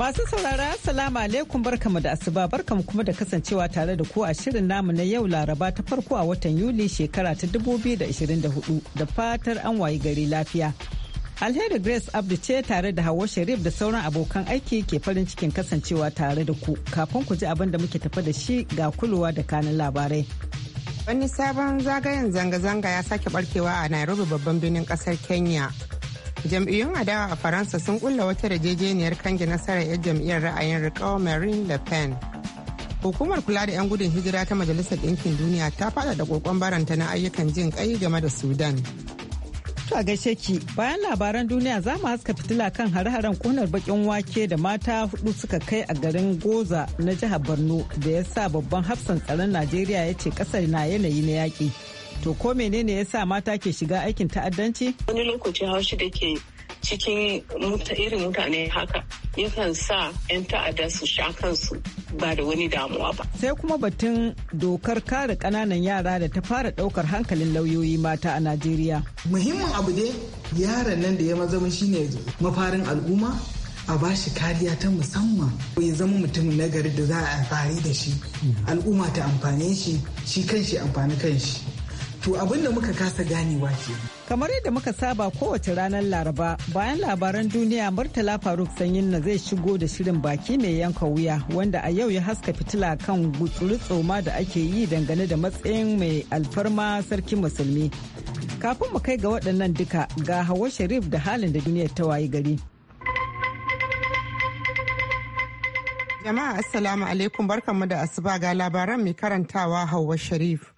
Masu saurara salamu alaikum barkamu da asuba barkamu kuma da kasancewa tare da ku a shirin namu na yau Laraba ta farko a watan Yuli shekara ta 2024 da fatar an wayi gari lafiya. Alheri Grace Abdu ce tare da Hawa Sharif da sauran abokan aiki ke farin cikin kasancewa tare da ku kafin ku ji abin da muke tafa da shi ga kulowa da kanin labarai. Wani sabon zagayen zanga-zanga ya sake barkewa a Nairobi babban birnin kasar Kenya jam'iyyun adawa a faransa sun kulla wata yarjejeniyar kange nasarar 'yan jam'iyyar ra'ayin rikau marine le pen hukumar kula da 'yan gudun hijira ta majalisar ɗinkin duniya ta faɗaɗa kokon baranta na ayyukan jin kai game da sudan To a gaishe ki bayan labaran duniya za mu haska fitila kan hare-haren kunar bakin wake da mata hudu suka kai a garin Goza na jihar Borno da ya sa babban hafsan tsaron Najeriya ya ce kasar na yanayi na yaƙi. To ko menene ya sa mata ke shiga aikin ta'addanci? Wani lokaci haushi da ke cikin irin mutane haka yakan sa 'yan ta'adda su sha kansu ba da wani damuwa ba. Sai kuma batun dokar kare kananan yara da ta fara ɗaukar hankalin lauyoyi mata a Najeriya. Muhimmin abu ne yaran nan da ya mazama shine mafarin al'umma a ba shi kariya ta musamman ya zama mutum nagari da za a amfani da shi al'umma ta amfane shi shi kan shi amfani kan To abin da muka kasa ganewa ke. Kamar yadda muka saba kowace ranar Laraba bayan labaran duniya Murtala Faruk Sanyin na zai shigo da shirin baki mai yanka wuya wanda a yau ya haska fitila kan gutsuri tsoma da ake yi dangane da matsayin mai alfarma sarki musulmi. Kafin mu kai ga waɗannan duka ga Hawa Sharif da halin da duniyar ta wayi gari. Jama'a Assalamu alaikum barkanmu da asuba ga labaran mai karantawa hawa Sharif.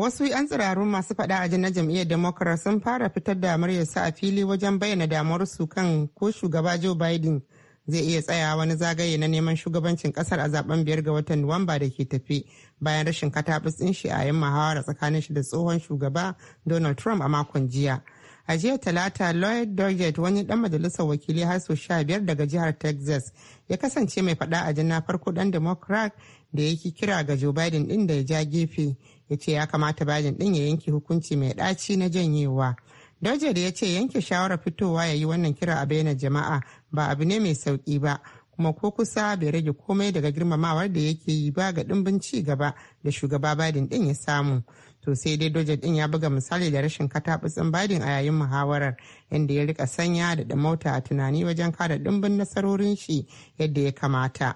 wasu 'yan tsirarun masu faɗa a na jam'iyyar democrat sun fara fitar da muryarsu a fili wajen bayyana damuwarsu kan ko shugaba joe biden zai iya tsaya wani zagaye na neman shugabancin kasar a zaben biyar ga watan nuwamba da ke tafi bayan rashin katabus din shi a yin muhawara tsakanin shi da tsohon shugaba donald trump a makon jiya a jiya talata lloyd doggett wani dan majalisar wakili har sau sha biyar daga jihar texas ya kasance mai faɗa a jana farko dan democrat da ya kira ga joe biden din da ya ja gefe ya ce ya kamata bajin din ya yanke hukunci mai ɗaci na janyewa da ya ce yanke shawarar fitowa ya yi wannan kira a bayyana jama'a ba abu ne mai sauki ba kuma ko kusa bai rage komai daga girmamawar da yake yi ba ga dimbin ci gaba da shugaba Biden din ya samu. To sai dai dojer din ya buga misali da rashin katabutsin Biden a yayin muhawarar inda ya rika sanya da mota a tunani wajen kada dimbin nasarorin shi yadda ya kamata.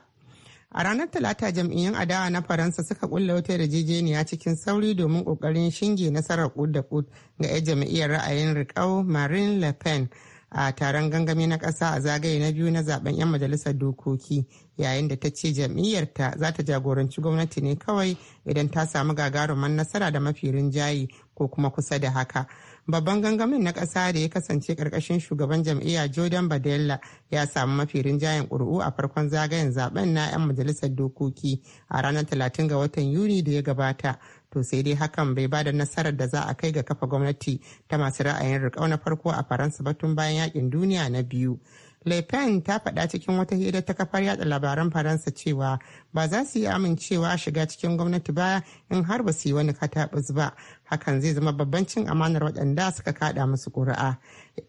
A ranar Talata jam'iyyun adawa na Faransa suka kulle wata yarjejeniya cikin sauri domin kokarin shinge nasarar kud da kud ga 'yan jam'iyyar ra'ayin riƙau Marine Le Pen a taron gangami na ƙasa a zagaye na biyu na zaben 'yan majalisar dokoki yayin da ta ce jam'iyyarta za ta jagoranci gwamnati ne kawai idan ta samu gagarumar nasara da mafi rinjaye ko kuma kusa da haka. babban gangamin na ƙasa da ya kasance ƙarƙashin shugaban jam'iyya jordan badella ya samu mafi rinjayen ƙuri'u a farkon zagayen zaben na 'yan majalisar dokoki a ranar 30 ga watan yuni da ya gabata to sai dai hakan bai ba da nasarar da za a kai ga kafa gwamnati ta masu ra'ayin riƙau na farko a faransa ba tun bayan yakin duniya na biyu Le Pen ta faɗa cikin wata hira ta kafar yada labaran Faransa cewa ba za su yi amincewa shiga cikin gwamnati ba in har ba su yi wani kataɓus ba hakan zai zama babban cin amanar waɗanda suka kada musu ƙuri'a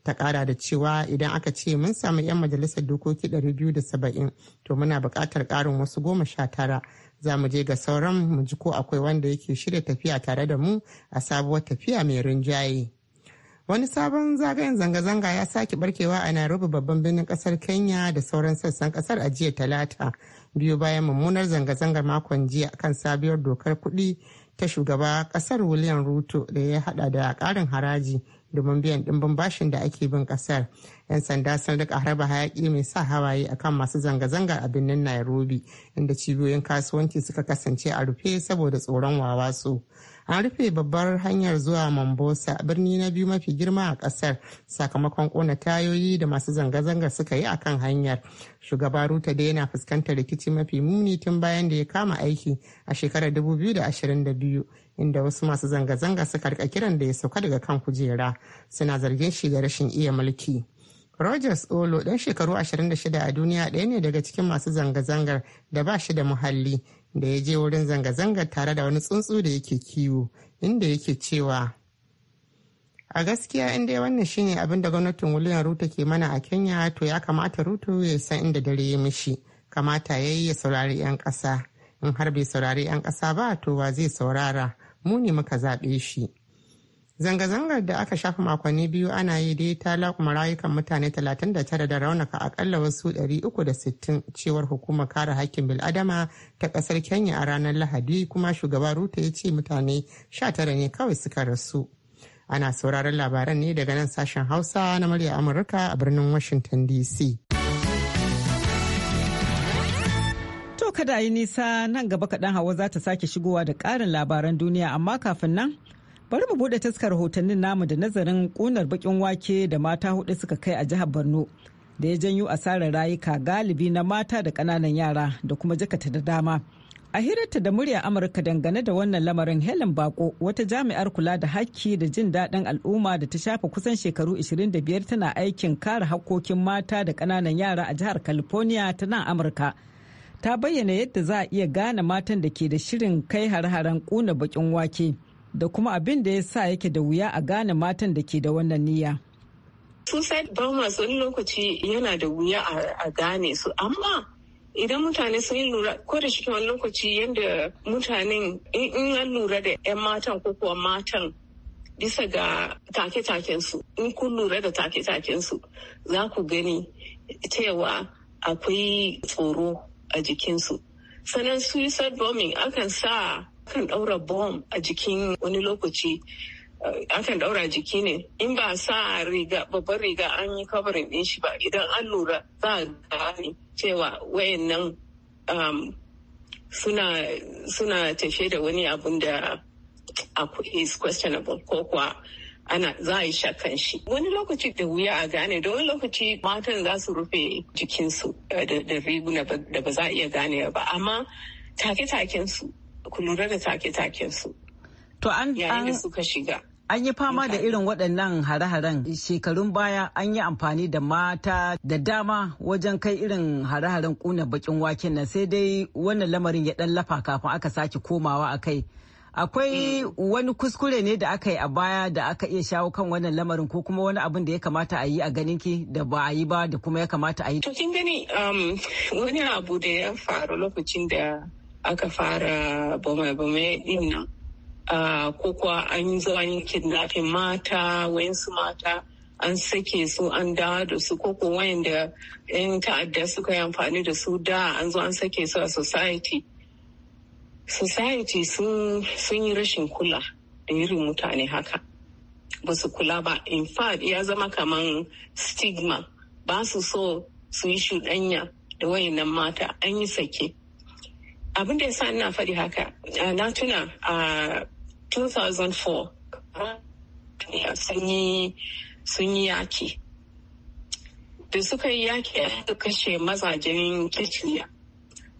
ta ƙara da cewa idan aka ce mun samu 'yan majalisar dokoki 270 to muna buƙatar ƙarin wasu goma sha tara za mu je ga sauran mu ji ko akwai wanda yake shirya tafiya tare da mu a sabuwar tafiya mai rinjaye wani sabon zagayen zanga-zanga ya sake barkewa a nairobi babban birnin kasar kenya da sauran sassan kasar a jiya talata biyu bayan mummunar zanga-zangar makon jiya kan sabuwar dokar kuɗi ta shugaba kasar william ruto da ya hada da karin haraji domin biyan dimbin bashin da ake bin kasar yan sanda sun rika harba hayaki mai sa hawaye akan masu zanga zanga a birnin nairobi inda cibiyoyin kasuwanci suka kasance a rufe saboda tsoron wawasu an rufe babbar hanyar zuwa Mombosa birni na biyu mafi girma a kasar sakamakon kona tayoyi da masu zanga-zanga suka yi akan hanyar. Shugaba Ruta da yana fuskantar rikici mafi muni tun bayan da ya kama aiki a shekarar 2022 inda wasu masu zanga-zanga suka rika kiran da ya sauka daga kan kujera suna zargin shi da rashin iya mulki. Rogers Olo dan shekaru 26 a duniya ɗaya ne daga cikin masu zanga-zangar da ba shi da muhalli da ya je wurin zanga-zanga tare da wani tsuntsu da yake kiwo inda yake cewa a gaskiya in dai wannan shine abin da gwamnatin william ruto ke mana a kenya to ya kamata ruto ya san inda dare ya mishi kamata ya yi ya saurari 'yan kasa in har bai saurari 'yan kasa ba to wa zai saurara mu ne muka zaɓe shi Zanga-zangar da aka shafa makonni biyu ana yi dai ta lakuma rayukan mutane 39 da raunaka akalla wasu 360 cewar hukumar kare hakkin bil'adama ta ƙasar Kenya a ranar Lahadi kuma shugaba Ruto ya ce mutane 19 ne kawai suka rasu. Ana sauraron labaran ne daga nan sashen Hausa na murya Amurka a birnin Washington DC. To kada yi nisa nan gaba kaɗan hawa za ta sake shigowa da ƙarin labaran duniya amma kafin nan bari mu bude taskar hotonnin namu da nazarin kunar bakin wake da mata hudu suka kai a jihar borno da ya janyo asarar rayuka galibi na mata da kananan yara da kuma jakata da dama a hirarta da murya amurka dangane da wannan lamarin helen bako wata jami'ar kula da hakki da jin daɗin al'umma da ta shafa kusan shekaru 25 tana aikin kare hakkokin mata da kananan yara a jihar california ta nan amurka ta bayyana yadda za a iya gane matan da ke da shirin kai har-haren kuna bakin wake da kuma abin da ya sa yake da wuya a gane matan da ke da wannan niyya. Suicide bombers wani lokaci yana da wuya a gane su amma idan mutane sun yi lura ko da ke wani lokaci yadda mutanen in an lura da 'yan matan ko kuwa matan bisa ga take takensu in kun lura da take-taken su za ku gani cewa akwai tsoro a jikinsu sanan suicide bombing akan sa kan ɗaura bom a jikin wani lokaci eh, akan ɗaura jiki ne in ba sa riga babban riga an yi kabarin ɗin shi ba idan an lura za a gane cewa wayannan um, suna suna tafe da wani abun da is questionable ko kuwa ana za a yi shakan shi wani lokaci da wuya a gane da wani lokaci matan za su rufe jikinsu eh, da riguna da ba za a iya gane ba amma take-taken su kuma da take-taken su. To an yayin da suka shiga. An yi fama da irin waɗannan hare-haren shekarun baya an yi amfani da mata da dama wajen kai irin hare-haren ƙuna bakin waken nan sai dai wannan lamarin ya ɗan lafa kafin aka sake komawa a kai. Akwai mm. wani kuskure ne da aka yi a baya da aka iya shawo kan wannan lamarin ko kuma wani abin da ya kamata a yi a ganinki da ba a yi ba da kuma ya kamata a yi. To kin gani um, wani abu da ya faru lokacin da aka fara bamai-bamai din nan ko kuwa an zo an yi kidnapping mata wayansu mata an sake su an dawo da su ko ko wayanda yan ta'adda suka yi amfani da su da an zo an sake su a society society sun yi rashin kula da irin mutane haka ba su kula ba in fact ya zama kaman stigma ba su so su yi shuɗanya da wayannan mata an yi sake abin da ya sa ina faɗi haka na tuna a 2004 sun yi yaki da suka yi yaki a kashe mazajen kirchner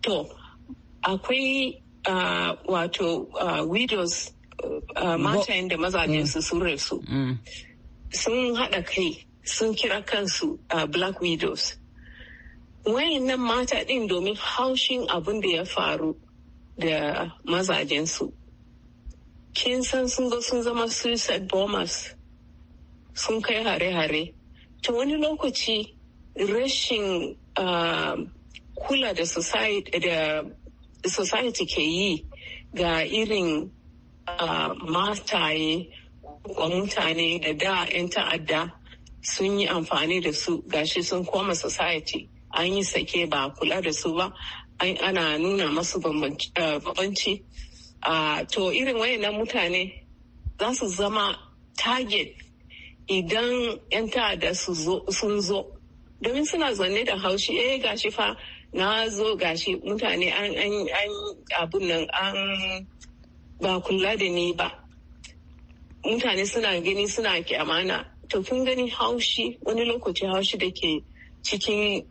to akwai wato widows matayin da mazajen su sun rasu mm. sun haɗa kai sun kira kansu black widows nan mata ɗin domin haushin abin da ya faru da mazajensu kin san sun zo sun zama suicide bombers sun kai hare-hare ta wani lokaci rashin ah, kula da society ke yi ga irin ah, mataye wa mutane da da 'yan ta'adda sun yi amfani da su gashi sun koma society an yi sake ba kula da su ba ana nuna masu bambanci eh, ah, to irin wayannan mutane za su zama target idan 'yan ta'adda sun zo domin suna zanne da haushi eh gashi fa na zo gashi mutane an abun nan an ba kula da ni ba mutane suna gani suna kyamana to kun gani haushi wani lokaci haushi da ke cikin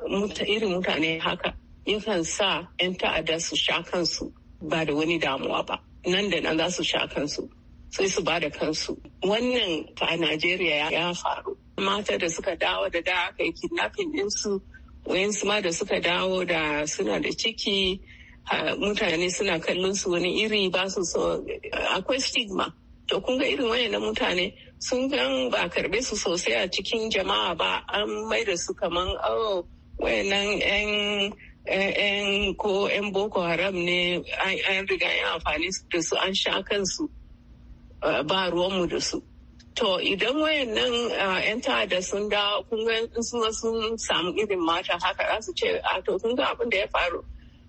irin mutane haka yakan sa 'yan ta'adda su sha kansu ba da wani damuwa ba nan da nan za su sha kansu sai su ba da kansu wannan a najeriya ya faru mata da suka dawo da da aka yi kidnapping ɗinsu wayansu ma da suka dawo da suna da ciki mutane suna kallon su wani iri ba su so akwai stigma to kun ga irin wayannan mutane sun gan ba karbe su sosai a cikin jama'a ba an mai da su kaman oh wayannan yan yan ko yan boko haram ne an riga yan amfani da su an sha kansu ba ruwanmu da su to idan wayannan yan ta'adda sun da kun ga sun sun samu irin mata haka za su ce a to kun ga abin da ya faru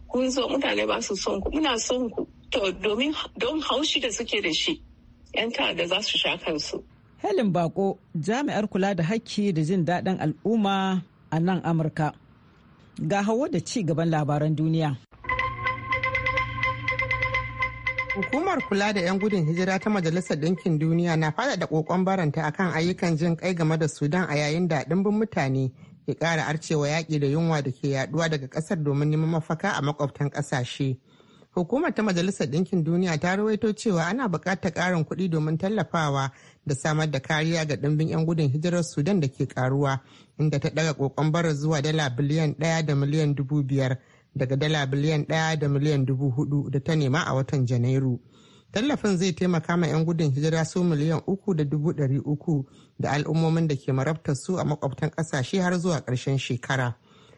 kun zo mutane ba su son ku muna son ku to domin don haushi da suke da shi 'yan ta'adda za su sha kansu. Helen Bako jami'ar kula da hakki da jin daɗin al'umma a nan Amurka. Ga hawa da ci gaban labaran duniya. Hukumar kula da 'yan gudun hijira ta Majalisar Ɗinkin Duniya na faɗaɗa ƙoƙon baranta akan ayyukan jin kai game da Sudan a yayin da ɗimbin mutane ke ƙara arcewa yaƙi da yunwa da ke yaɗuwa daga ƙasar domin neman mafaka a makwabtan ƙasashe. Hukumar ta Majalisar Ɗinkin Duniya ta rawaito cewa ana buƙatar ƙarin kuɗi domin tallafawa da samar da kariya ga ɗimbin 'yan gudun hijirar Sudan da ke karuwa inda ta ɗaga ƙoƙon bara zuwa dala biliyan ɗaya da miliyan dubu biyar daga dala biliyan ɗaya da miliyan dubu hudu da ta nema a watan Janairu. Tallafin zai taimaka ma 'yan gudun hijira su miliyan uku da dubu ɗari uku da al'ummomin da ke marabtar su a makwabtan ƙasashe har zuwa ƙarshen shekara.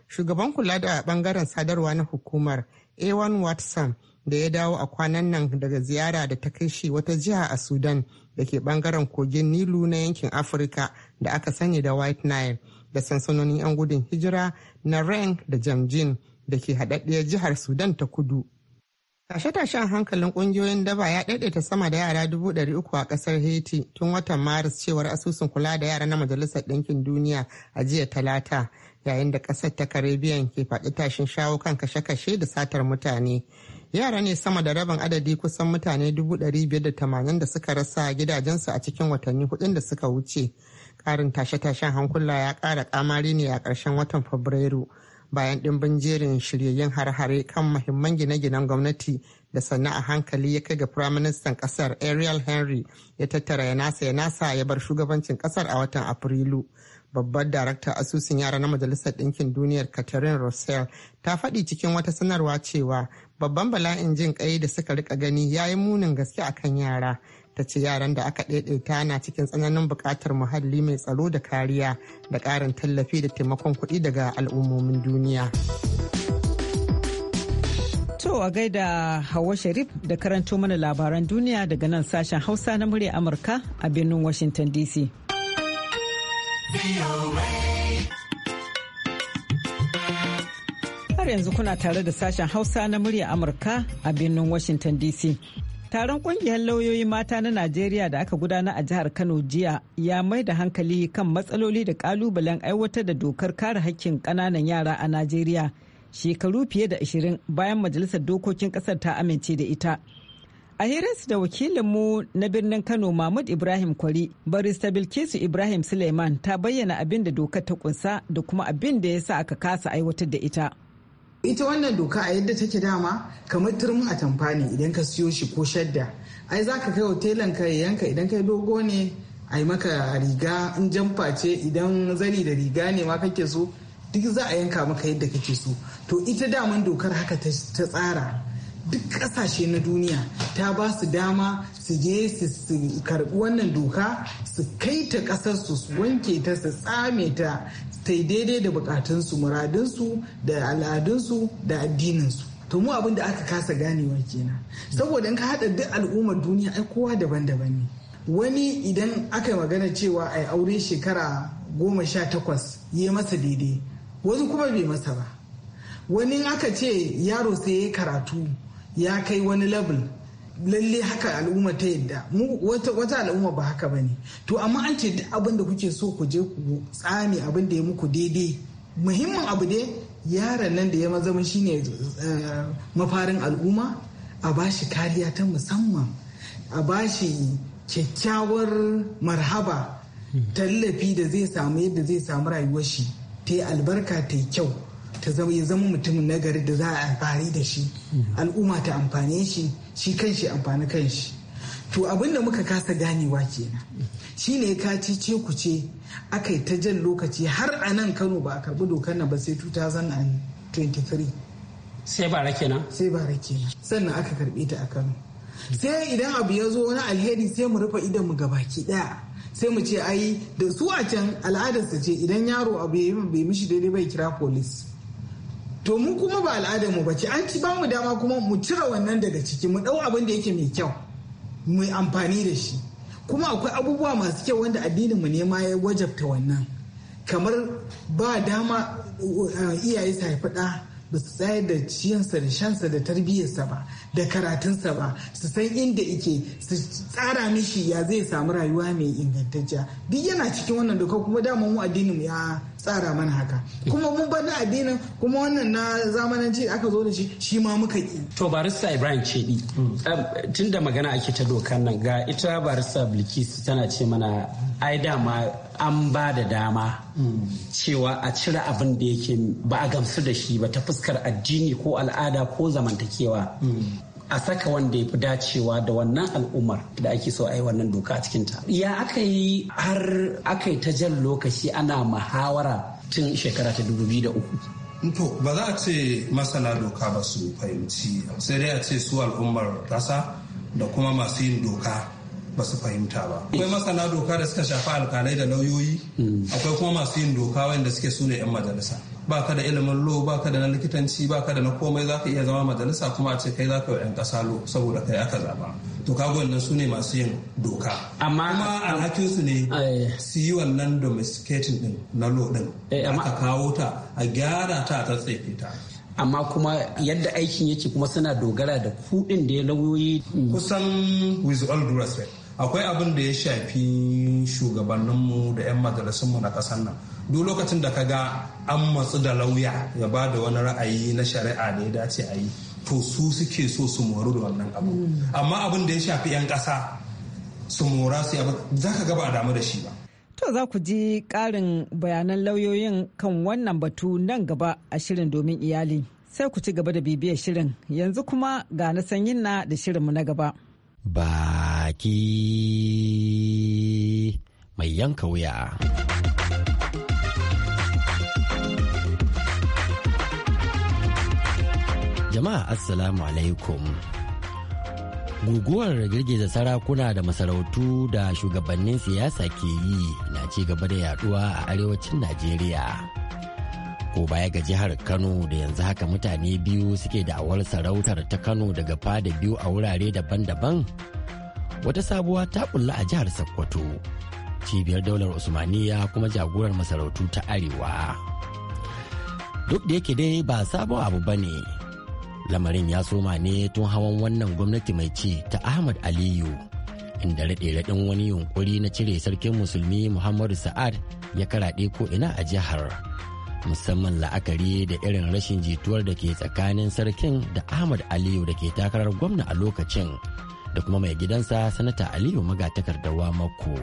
Shugaban kula da ɓangaren sadarwa na hukumar Ewan Watson da ya dawo a kwanan nan daga ziyara da ta kai shi wata jiha a Sudan da ke bangaren kogin Nilu na yankin Afirka da aka sani da White Nile da sansanonin 'yan gudun hijira na Reng da Jamjin da ke haɗaɗɗiyar jihar Sudan ta kudu. Tashe-tashen hankalin kungiyoyin daba ya daidaita sama da yara dubu uku a ƙasar Haiti tun watan Maris cewar asusun kula da yara na Majalisar Ɗinkin Duniya a jiya Talata yayin da ƙasar ta karibiyan ke faɗi tashin shawo kan kashe-kashe da satar mutane. Yara ne sama da rabin adadi kusan mutane dubu ɗari biyar da suka rasa gidajensu a cikin watanni hudun da suka wuce. Ƙarin tashe-tashen hankula ya ƙara ƙamari ne a ƙarshen watan Fabrairu. bayan ɗimbin jerin shiryayyen har-hare kan mahimman gine-ginen gwamnati da sannan a hankali ya kai ga firaministan kasar ariel henry ya tattara ya nasa ya nasa ya bar shugabancin kasar a watan afrilu babbar darakta asusun yara na majalisar ɗinkin duniyar catherine russell ta faɗi cikin wata sanarwa cewa babban bala'in jin ƙai da suka rika gani ya yi munin gaske akan yara ta ce yaran da aka ɗaiɗaita na cikin tsananin buƙatar muhalli mai tsaro da kariya da ƙarin tallafi da taimakon kuɗi daga al'ummomin duniya. To a gaida Hawa Sharif da karanto mana labaran duniya daga nan sashen Hausa na murya Amurka a birnin Washington DC. Har yanzu kuna tare da sashen Hausa na murya Amurka a birnin Washington DC. Taron kungiyar lauyoyi mata na Najeriya da aka gudana a jihar Kano jiya ya mai da hankali kan matsaloli da kalubalen aiwatar da dokar kare hakkin ƙananan yara a Najeriya shekaru fiye da 20 bayan majalisar dokokin ƙasar ta amince da ita. A hirarsu da wakilinmu na birnin Kano Mahmud Ibrahim Kwari, barista Bilkisu Ibrahim Suleiman ta bayyana abin da dokar ta kunsa da kuma abin da ya sa aka kasa aiwatar da ita. ita wannan doka a yadda take dama kamar turmin tamfa ne idan ka siyo shi ko shadda ai za ka kai hotelan ka yanka idan ka kai dogo ne ai maka riga in jamfa ce idan zani da riga ne ma kake so duk za a yanka maka yadda kake so to ita daman dokar haka ta tsara duk kasashe na duniya ta ba su dama su je su karbi wannan doka su kai ta kasar su wanke ta su tsame ta ta daidai da bukatunsu muradunsu da al'adunsu da addininsu to mu abin da aka kasa ganewa kenan saboda in ka haɗa duk al'ummar duniya ai kowa daban-daban ne wani idan aka yi magana cewa ai aure shekara goma sha takwas ya masa daidai wani kuma bai masa ba wani aka ce yaro sai ya karatu ya kai wani level lalle haka al'umma ta yadda mu wata al'umma ba haka ba ne to amma an ce duk abin da kuke so ku je ku tsami abin da ya muku daidai muhimmin abu dai yaron nan da ya zama shine eh, mafarin al'umma a bashi kariya ta musamman a bashi kyakkyawar marhaba hmm. tallafi da zai samu yadda zai samu rayuwar shi ta yi albarka ta kyau ta zama ya zama mutumin nagari da za a amfani da shi al'umma ta amfane shi shi kanshi amfani shi to abin da muka kasa ganewa kenan shine ka ci ce ku ce aka yi ta jan lokaci har a nan kano ba a karbi dokar na ba sai 2023 sai bara kenan sai bara kenan sannan aka karbe ta a kano sai idan abu ya zo wani alheri sai mu rufe idan mu gabaki daya sai mu ce ai da su a can al'adarsa ce idan yaro abu ya yi bai mishi daidai bai kira polis domin kuma ba al'adar mu bace an ci bamu dama kuma mu cire wannan daga ciki mu dau abin da yake mai kyau mu amfani da shi kuma akwai abubuwa masu kyau wanda addinin mu ne ma ya wajabta wannan kamar ba dama uh, iyaye su haifi da su tsayar da ciyansa da shansa da tarbiyyarsa ba da karatunsa ba su san inda ike su tsara mishi ya zai samu rayuwa mai ingantacciya duk yana cikin wannan doka kuma dama mu addinin ya tsara mana haka kuma mun bar addinin kuma wannan na zamananci aka zo da shi shi ma muka ki to barista ibrahim cedi um, tun magana ake ta dokar nan ga ita barista bilkis tana ce mana ai dama an ba da dama cewa a cire abin da yake ba a gamsu da shi ba ta fuskar addini ko al'ada ko zamantakewa a saka wanda ya fi dacewa da wannan al'ummar da ake so a yi wannan doka a cikinta ya aka yi har aka yi ta jan lokaci ana muhawara tun shekara ta 2003 To ba za a ce masana doka ba su fahimci sai dai a ce su al'ummar ƙasa da kuma masu yin doka ba su fahimta ba. Akwai masana doka da suka shafi alkalai da lauyoyi, mm. akwai kuma masu yin doka wanda suke su ne 'yan majalisa. baka da ilimin lo baka da na likitanci baka da na komai za ka iya zama majalisa kuma a ce kai zaka yi 'yan ƙasa lo saboda kai aka zaba to kago wannan su ne masu yin doka amma kuma alhakin ne su yi wannan domesticating din na lo din eh, aka kawo ta a gyara ta a tsatsefe ta amma kuma yadda aikin yake kuma suna dogara da kuɗin da ya lauyoyi kusan with all due respect akwai abin da ya shafi shugabanninmu da 'yan majalisunmu na ƙasar nan duk lokacin da ka ga an matsu da lauya ya ba da wani ra'ayi na shari'a da ya dace a yi to su suke so su moru da wannan abu hmm. amma abin da ya shafi 'yan ƙasa su mora su abu za ka gaba a damu da shi ba to za ku ji ƙarin bayanan lauyoyin kan wannan batu nan gaba a shirin domin iyali sai ku ci gaba da bibiyar shirin yanzu kuma ga na sanyin na da shirinmu na gaba baki mai yanka wuya Jama'a Assalamu alaikum. Guguwar girgiza sarakuna da masarautu da shugabannin siyasa ke yi na ci gaba da yaduwa a arewacin Najeriya. Ko baya ga jihar Kano da yanzu haka mutane biyu suke da awar sarautar ta Kano daga fada biyu a wurare daban-daban. Wata sabuwa ta ƙulla a jihar Sokoto. Cibiyar daular Usmaniya kuma jagorar masarautu ta Arewa. Duk da yake dai ba sabon abu ba ne. lamarin ya soma ne tun hawan wannan gwamnati mai ci ta ahmad aliyu inda raɗe-raɗin wani yunkuri na cire sarkin musulmi muhammadu sa'ad ya karaɗe ko ina a jihar musamman la'akari da irin rashin jituwar da ke tsakanin sarkin da ahmad aliyu da ke takarar gwamna a lokacin da kuma mai gidansa sanata aliyu magatakardawa mako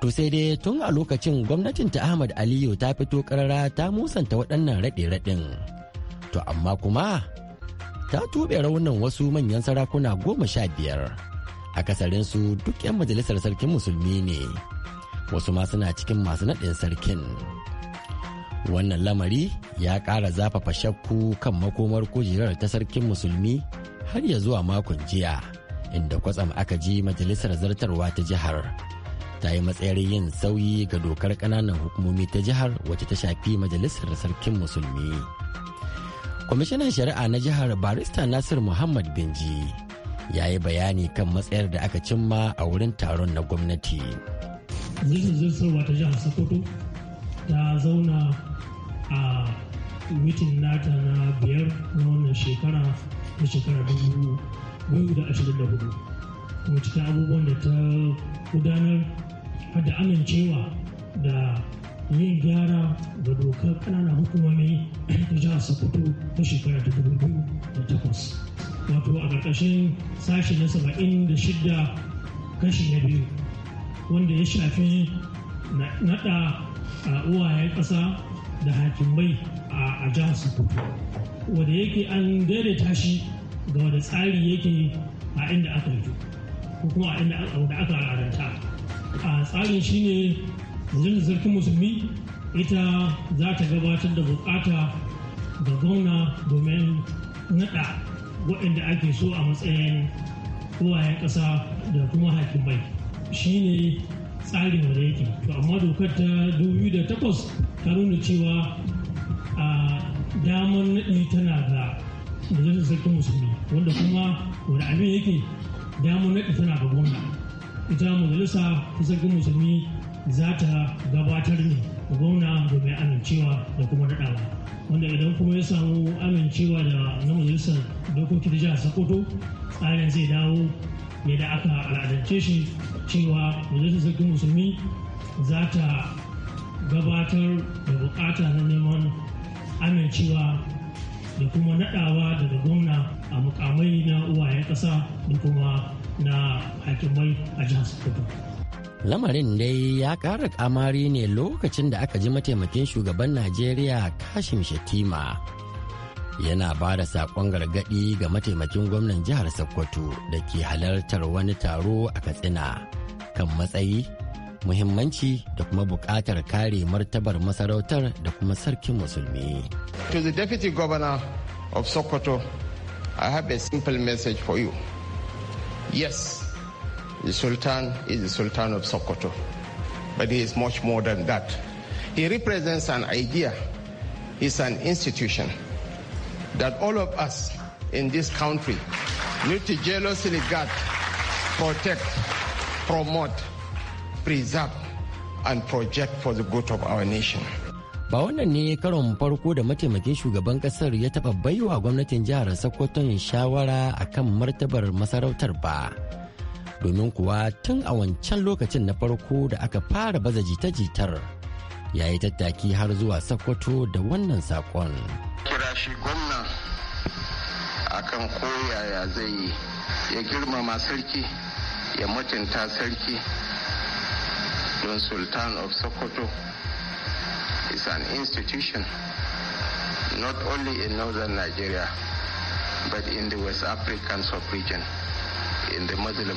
to sai dai tun a lokacin gwamnatin ta ahmad aliyu ta fito karara ta musanta waɗannan raɗe-raɗin to amma kuma ta tuɓe raunin wasu manyan sarakuna goma sha biyar A su duk 'yan majalisar sarkin musulmi ne wasu ma suna cikin masu naɗin sarkin wannan lamari ya ƙara zafafa shakku kan makomar kujerar ta sarkin musulmi har ya zuwa makon jiya inda kwatsam aka ji majalisar zartarwa ta jihar ta yi matsayar yin sauyi ga dokar ƙananan hukumomi ta jihar wacce ta shafi majalisar sarkin musulmi. kwamishinan shari'a na jihar barista nasir muhammad benji ya yi bayani kan matsayar da aka cimma a wurin taron na gwamnati jihar sokoto ta zauna a mitin nata na biyar na wannan shekara na shekara dubu biyu da ashirin da hudu kuma cikin abubuwan da ta gudanar hada da amincewa da yin gyara ga dokar kananan hukumomi ta jihar sokoto ta shekara ta dubu biyu da takwas wato a ƙarƙashin sashi na saba'in da shidda kashi na biyu wanda ya shafi naɗa a uwayen ƙasa da hakimai a jihar sokoto wanda yake an daidaita shi ga wanda tsari yake a inda aka yi ko kuma a inda aka al'adanta a tsarin shine majalisar sarkin musulmi ita za ta gabatar da bukata ga gwamna domin nada waɗanda ake so a matsayin kowayen ƙasa da kuma hakimai shi ne tsarin da yake to amma dokar ta 2008 ta nuna cewa a damar naɗi tana ga majalisar sarkin musulmi wanda kuma wani abin yake damar naɗi tana ga gwamna ita majalisa ta sarkin musulmi za ta gabatar ne ga gwamna domin amincewa da kuma naɗawa wanda idan kuma ya samu amincewa da na majalisar dokokin jihar sokoto tsarin zai dawo da aka al'adance shi cewa majalisar sarkin musulmi za ta gabatar da bukata na neman amincewa da kuma naɗawa daga gwamna a mukamai na uwayen ƙasa da kuma na hakimai a jihar sokoto lamarin dai ya ƙara kamari ne lokacin da aka ji mataimakin shugaban najeriya kashim shatima yana ba da saƙon gargaɗi ga mataimakin gwamnan jihar sokoto da ke halartar wani taro a katsina kan matsayi muhimmanci da kuma buƙatar kare martabar masarautar da kuma sarkin musulmi to the deputy governor of sokoto i have a simple message for you yes The Sultan is the Sultan of Sokoto, but he is much more than that. He represents an idea, he's an institution that all of us in this country need to jealously guard, protect, promote, preserve, and project for the good of our nation. ba wannan ne karon farko da mataimakin shugaban kasar ya taɓa baiwa gwamnatin jihar sokoto shawara akan martabar masarautar ba domin kuwa tun a wancan lokacin na farko da aka fara baza jita-jitar ya yi tattaki har zuwa sakwato da wannan sakon Kira shi gwamnan akan koyaya zai yi ya girmama sarki ya mutunta sarki don Sultan of Sokoto is an institution not only in northern Nigeria but in the West African sub-region. in the Muslim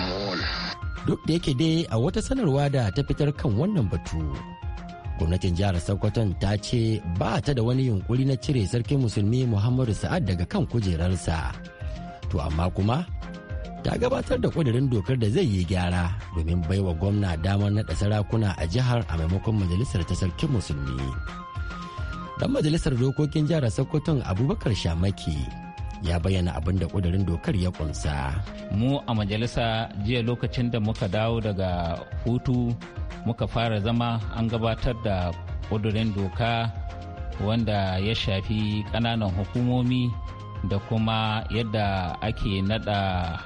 Duk da yake dai a wata sanarwa da ta fitar kan wannan batu. Gwamnatin jihar Sokoton ta ce ba ta da wani yunkuri na cire sarkin musulmi Muhammadu Sa'ad daga kan kujerarsa. To amma kuma ta gabatar da kudirin dokar da zai yi gyara domin baiwa gwamna damar naɗa sarakuna a jihar a maimakon majalisar ta sarkin musulmi. Dan majalisar dokokin jihar Sokoton Abubakar Shamaki ya bayyana abin da kudirin dokar ya kunsa. Mu a majalisa jiya lokacin da muka dawo daga hutu muka fara zama an gabatar da kudurin doka wanda ya shafi ƙananan hukumomi da kuma yadda ake nada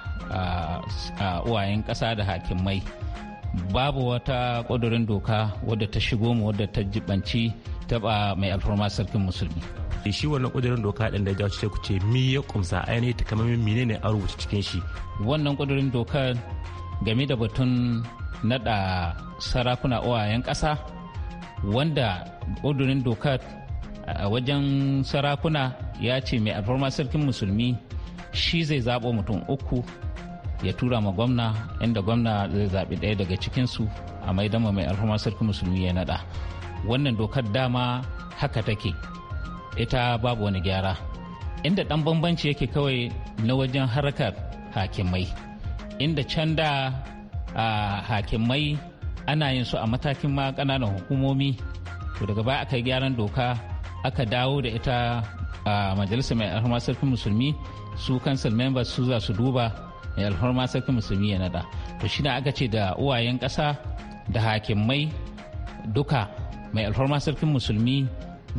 a uwayen ƙasa da hakimai. Babu wata kudurin doka wadda ta shigo mu wadda ta jibanci taba mai alfarma sarkin musulmi eh, shi wannan kudurin doka din da jawo ce ku ce mi ya kumsa ainihin min menene a rubuta cikin shi wannan kudurin doka game da batun naɗa sarakuna owayen kasa wanda kudurin doka a wajen sarakuna ya ce mai alfarma sarkin musulmi shi zai zaɓo mutum uku ya tura ma gwamna inda gwamna zai zaɓi ɗaya daga cikinsu a maidama mai alfarma sarkin musulmi ya naɗa. wannan dokar dama haka take ita babu wani gyara inda dan bambanci yake kawai na wajen harkar hakimai inda can da hakimai ana yin su a matakin ma kananan hukumomi to daga baya aka yi gyaran doka aka dawo da ita a majalisar mai alhama sarkin musulmi su kansil members su za su duba mai alhama sarkin musulmi ya nada to shi aka ce da uwayen ƙasa da hakimai duka mai alfarma sarkin musulmi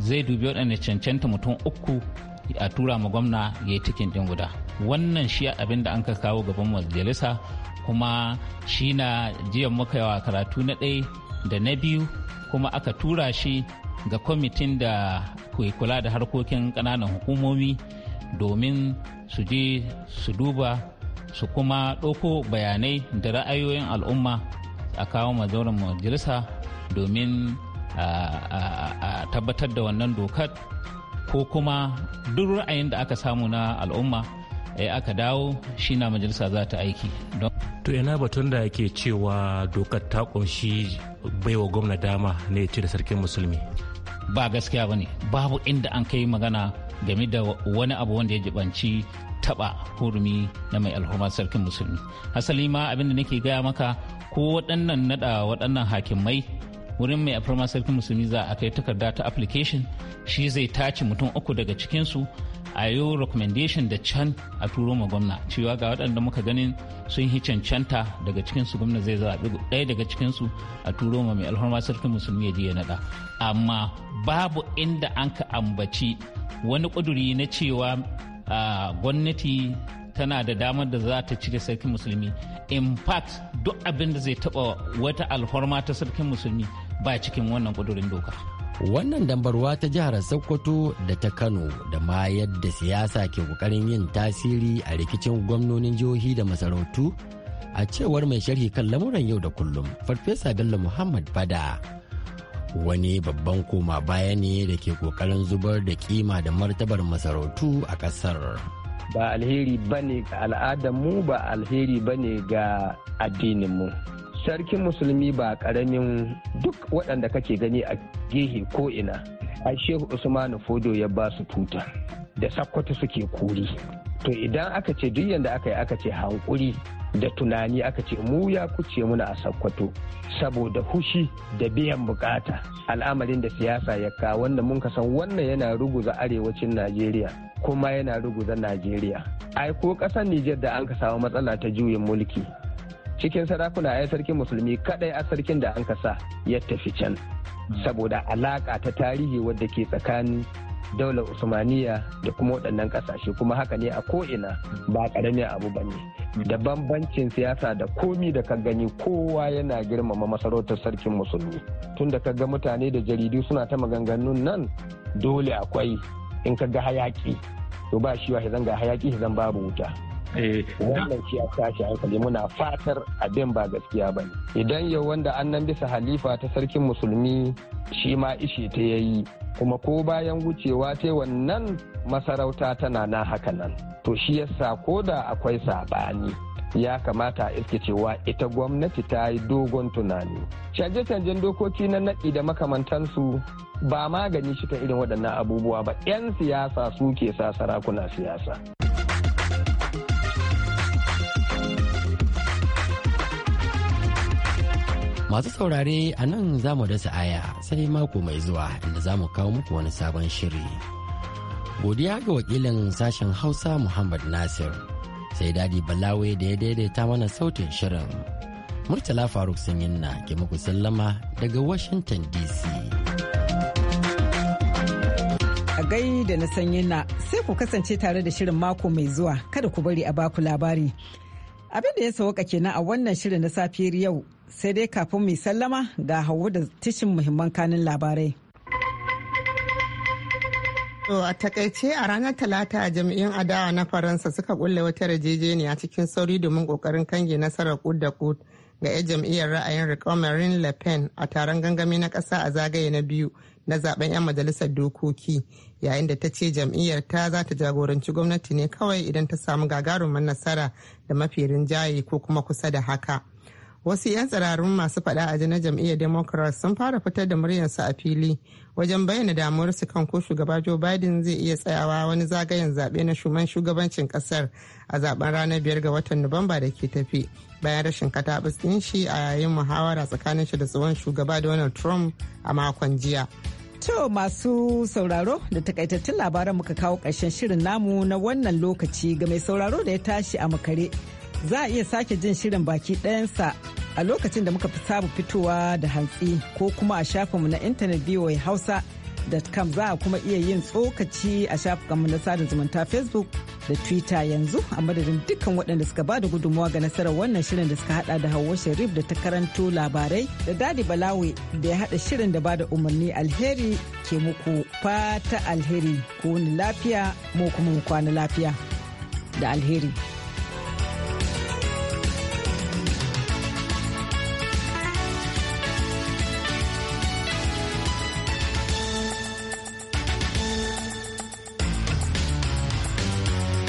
zai dubi waɗanda cancanta mutum uku a tura ma gwamna ya yi cikin ɗin guda wannan shi abin da an ka kawo gaban majalisa kuma shi na jiyan muka yawa karatu na ɗaya da na biyu kuma aka tura shi ga kwamitin da ke kula da harkokin ƙananan hukumomi domin su je su duba su kuma ɗauko bayanai da ra'ayoyin al'umma a kawo majalisa domin a tabbatar da wannan dokar ko kuma duk ra'ayin da aka samu na al'umma ya eh, aka dawo shi na majalisa za ta aiki to ina batun da ke cewa dokar ta ƙunshi baiwa gwamna dama ne ce da sarkin musulmi ba gaskiya ba ne babu inda an kai magana game da wani abu wanda ya jibanci taba hurumi na mai alhuma sarkin musulmi asali ma abinda nake gaya maka ko waɗannan naɗa waɗannan hakimai wurin mai afirma sarkin musulmi za a kai takarda ta application shi zai tace mutum uku daga cikinsu a yi recommendation da can a turo ma gwamna cewa ga waɗanda muka ganin sun yi cancanta daga cikinsu gwamna zai zaɓi ɗaya daga cikinsu a turo ma mai alhorma sarkin musulmi ya je ya naɗa amma babu inda an ka ambaci wani ƙuduri na cewa gwamnati tana da damar da za ta cire sarkin musulmi in fact duk abin da zai taɓa wata alhorma ta sarkin musulmi ba cikin wannan kudurin doka wannan dambarwa ta jihar sokoto da ta kano da ma yadda siyasa ke kokarin yin tasiri a rikicin gwamnonin jihohi da masarautu a cewar mai sharhi kan lamuran yau da kullum farfesa bello muhammad bada wani babban koma baya ne da ke kokarin zubar da kima da martabar masarautu a kasar ba alheri ba ne ga al'adarmu ba alheri ba ne ga addininmu sarkin musulmi ba karamin duk waɗanda kake gani a gehe ko ina a shehu usmanu fodo ya ba su tuta da sakkwato suke kuri to idan aka ce duk yadda aka yi aka ce hankuri da tunani aka ce mu ya kuce muna a sakkwato saboda hushi da biyan bukata al'amarin da siyasa ya kawo wanda mun san wannan yana ruguza arewacin najeriya kuma yana ruguza najeriya ai ko ƙasar nijar da an ka samu matsala ta juyin mulki cikin sarakuna ai sarkin musulmi kadai a sarkin da an kasa ya tafi can saboda alaka ta tarihi wadda ke tsakanin daular usmaniya da kuma waɗannan ƙasashe kuma haka ne a ko'ina ba ƙaramin abu ba ne da bambancin siyasa da komi da ka gani kowa yana girmama masarautar sarkin musulmi tun da ka ga mutane da jaridu suna ta maganganun nan dole akwai in ka ga hayaki to ba shi wa zanga hayaki zan babu wuta Eh, wannan shi ya tashi hankali muna fatar abin ba gaskiya ba ne idan yau wanda annan bisa halifa ta sarkin musulmi shi ma ishe ta yayi kuma ko bayan wucewa ta wannan masarauta tana na haka nan to shi yasa ko da akwai saɓani? ya kamata a iske cewa ita gwamnati ta yi dogon tunani. Canje-canjen dokoki na naɗi da makamantansu ba magani shi ta irin waɗannan abubuwa ba 'yan siyasa suke sa sarakuna siyasa. Masu saurare a nan za mu dasa aya sai mako mai zuwa inda za mu kawo muku wani sabon shiri. Godiya ga wakilin sashen Hausa Muhammad Nasir, sai dadi Balawe da ya daidaita mana sautin shirin. Murtala Faruk Sanyinna ke muku sallama daga Washington DC. A gai da na Sanyinna sai ku kasance tare da shirin mako mai zuwa kada ku bari a baku labari. Abin da ya sauka kenan a wannan shirin na safiyar yau sai dai kafin mai sallama ga hawu da tishin muhimman kanin labarai. To a takaice a ranar talata a jam'iyyun adawa na faransa suka kulle wata yarjejeniya cikin sauri domin kokarin kange nasarar kud da kud ga 'yan jam'iyyar ra'ayin marine le pen a taron gangami na ƙasa a zagaye na biyu na zaben 'yan majalisar dokoki yayin da ta ce jam'iyyar ta za ta jagoranci gwamnati ne kawai idan ta samu gagarumin nasara da mafi rinjaye ko kuma kusa da haka. wasu 'yan tsirarun masu fada a na jam'iyyar democrat sun fara fitar da muryarsu a fili wajen bayyana damuwarsu kan ko shugaba joe biden zai iya tsayawa wani zagayen zaɓe na shuman shugabancin ƙasar a zaben ranar biyar ga watan nuwamba da ke tafi bayan rashin katabus ɗin shi a yayin muhawara tsakanin shi da tsohon shugaba donald trump a makon jiya To masu sauraro da takaitattun labaran muka kawo karshen shirin namu na wannan lokaci ga mai sauraro da ya tashi a makare Za a iya sake jin shirin baki ɗayansa a lokacin da muka fi sabu fitowa da hantsi ko kuma a shafinmu na intanet voa hausa.com za a kuma iya yin tsokaci a shafukanmu na sada zumunta facebook da twitter yanzu a madadin dukkan waɗanda suka ba da gudunmawa ga nasarar wannan shirin da suka hada da hawa sharif da ta karanto labarai da dadi balawe da ya hada shirin da ba da umarni alheri ke muku fata alheri ko ni lafiya mu kuma mu kwana lafiya da alheri.